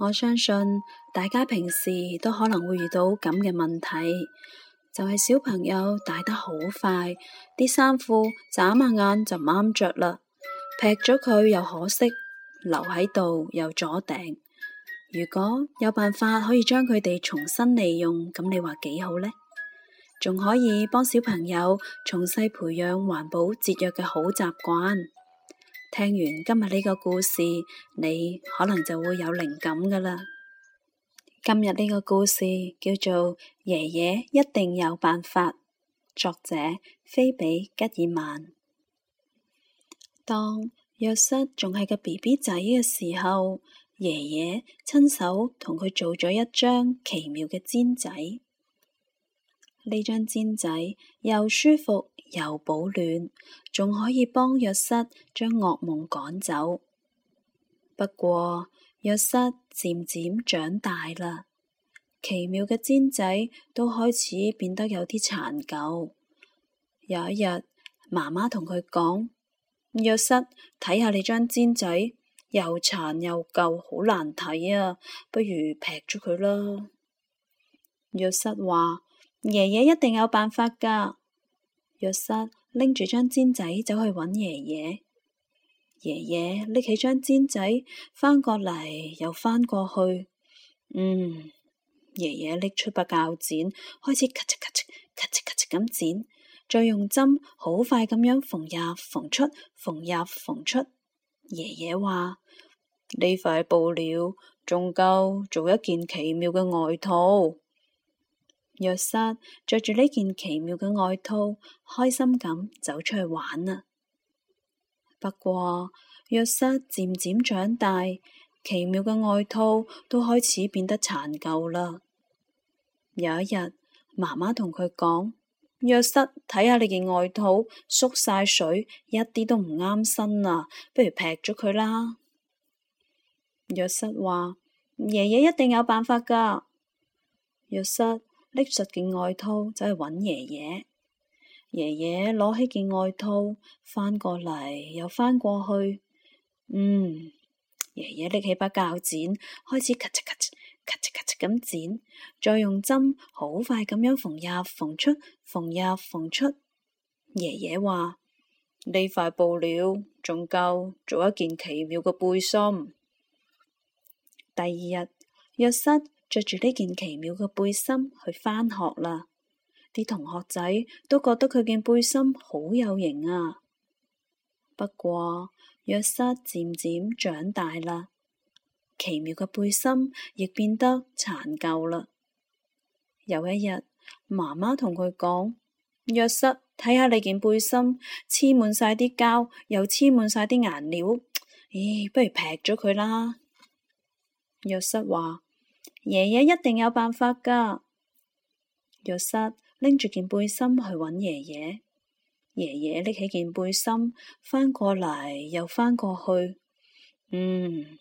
我相信大家平時都可能會遇到咁嘅問題，就係小朋友大得好快，啲衫褲眨下眼就唔啱着啦，劈咗佢又可惜，留喺度又阻頂。如果有辦法可以將佢哋重新利用，咁你話幾好呢？仲可以幫小朋友從細培養環保節約嘅好習慣。聽完今日呢個故事，你可能就會有靈感㗎喇。今日呢個故事叫做《爺爺一定有辦法》，作者菲比吉爾曼。當約瑟仲係個 B B 仔嘅時候，爺爺親手同佢做咗一張奇妙嘅氈仔。呢張氈仔又舒服又保暖，仲可以幫約瑟將噩夢趕走。不過約瑟漸漸長大啦，奇妙嘅氈仔都開始變得有啲殘舊。有一日，媽媽同佢講：約瑟，睇下你張氈仔又殘又舊，好難睇啊！不如劈咗佢啦。約瑟話。爺爺一定有辦法噶。若瑟拎住張氈仔走去搵爺爺。爺爺拎起張氈仔翻過嚟，又翻過去。嗯，爺爺拎出把鉸剪，開始咔嚓咔嚓咔嚓咔嚓咁剪，再用針好快咁樣縫入縫出，縫入縫出。爺爺話：呢塊布料仲夠做一件奇妙嘅外套。約瑟着住呢件奇妙嘅外套，開心咁走出去玩啦。不過約瑟漸漸長大，奇妙嘅外套都開始變得殘舊啦。有一日，媽媽同佢講：約瑟，睇下你件外套縮晒水，一啲都唔啱身啊，不如劈咗佢啦。約瑟話：爺爺一定有辦法㗎。約瑟。拎實件外套走去搵爺爺，爺爺攞起件外套翻過嚟又翻過去，嗯，爺爺拎起把教剪開始咔嚓咔嚓 u t c u 咁剪，再用針好快咁樣縫入縫出縫入縫出。爺爺話呢塊布料仲夠做一件奇妙嘅背心。第二日，浴室。着住呢件奇妙嘅背心去返學啦，啲同學仔都覺得佢件背心好有型啊。不過約瑟漸漸長大啦，奇妙嘅背心亦變得殘舊啦。有一日，媽媽同佢講：約瑟，睇下你件背心，黐滿晒啲膠，又黐滿晒啲顏料，咦，不如劈咗佢啦。約瑟話。爺爺一定有辦法噶。若瑟拎住件背心去揾爺爺，爺爺拎起件背心翻過嚟，又翻過去。嗯，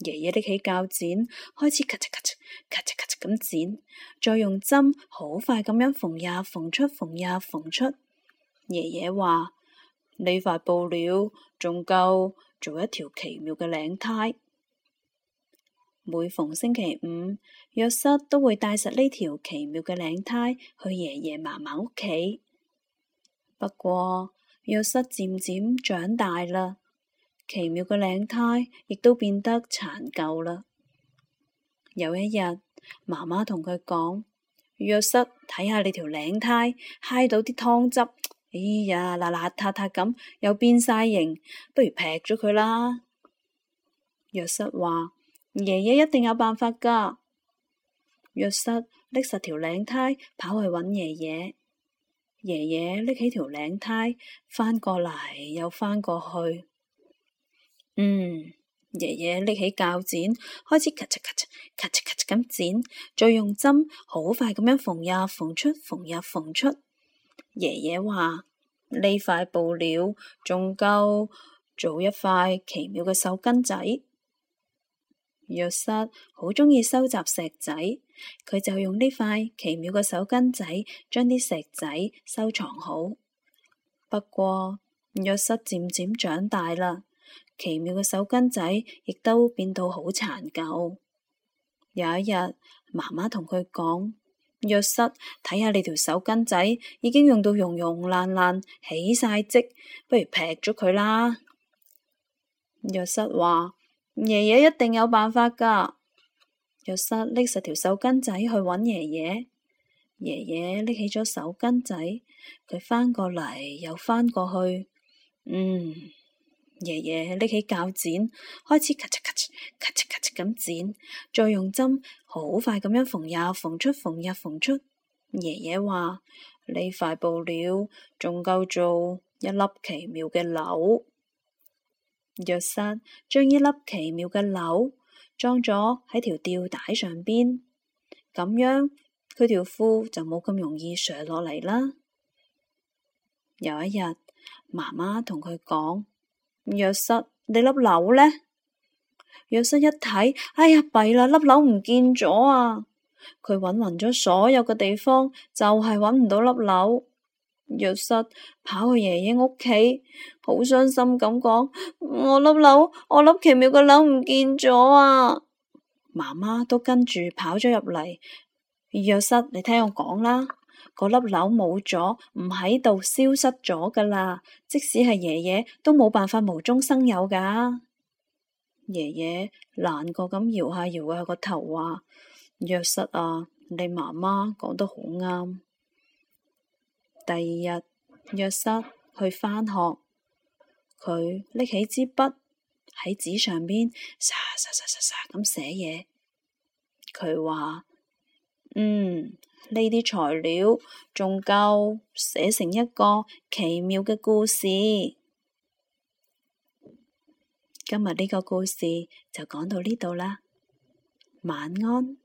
爺爺拎起鉸剪，開始咔嚓咔嚓，咔嚓咔嚓咁剪，再用針好快咁樣縫呀縫出，縫呀縫出。爺爺話：呢塊布料仲夠做一條奇妙嘅領呔。每逢星期五，約瑟都會帶實呢條奇妙嘅領呔去爺爺嫲嫲屋企。不過，約瑟漸漸長大啦，奇妙嘅領呔亦都變得殘舊啦。有一日，媽媽同佢講：約瑟，睇下你條領呔，揩到啲湯汁，哎呀，邋邋遢遢咁，又變晒形，不如劈咗佢啦。約瑟話。爺爺一定有辦法噶，約瑟拎實條領呔，跑去揾爺爺。爺爺拎起條領呔，翻過嚟又翻過去。嗯，爺爺拎起鉸剪，開始咔嚓咔嚓咔嚓咔嚓咁剪，再用針好快咁樣縫入縫出縫入縫出。爺爺話：呢塊布料仲夠做一塊奇妙嘅手巾仔。約瑟好鍾意收集石仔，佢就用呢塊奇妙嘅手巾仔將啲石仔收藏好。不過約瑟漸漸長大啦，奇妙嘅手巾仔亦都變到好殘舊。有一日，媽媽同佢講：，約瑟，睇下你條手巾仔已經用到溶溶爛爛爛，起晒跡，不如劈咗佢啦。約瑟話。爺爺一定有辦法噶。若瑟拎實條手巾仔去揾爺爺，爺爺拎起咗手巾仔，佢翻過嚟又翻過去。嗯，爺爺拎起鉸剪，開始咔嚓咔嚓咔嚓咔嚓咁剪，再用針好快咁樣縫入縫出縫入縫出。爺爺話：呢塊布料仲夠做一粒奇妙嘅鈕。約瑟將一粒奇妙嘅紐裝咗喺條吊帶上邊，咁樣佢條褲就冇咁容易扯落嚟啦。有一日，媽媽同佢講：約瑟，你粒紐呢？約瑟一睇，哎呀，弊啦，粒紐唔見咗啊！佢揾匀咗所有嘅地方，就係揾唔到粒紐。約瑟跑去爺爺屋企，好傷心咁講：我粒樓，我粒奇妙嘅樓唔見咗啊！媽媽都跟住跑咗入嚟。約瑟，你聽我講啦，嗰粒樓冇咗，唔喺度，消失咗噶啦。即使係爺爺都冇辦法無中生有噶。爺爺難過咁搖下搖下個頭啊。約瑟啊，你媽媽講得好啱。第二日，約瑟去翻學，佢拎起支筆喺紙上邊，沙沙沙沙沙咁寫嘢。佢話：嗯，呢啲材料仲夠寫成一個奇妙嘅故事。今日呢個故事就講到呢度啦，晚安。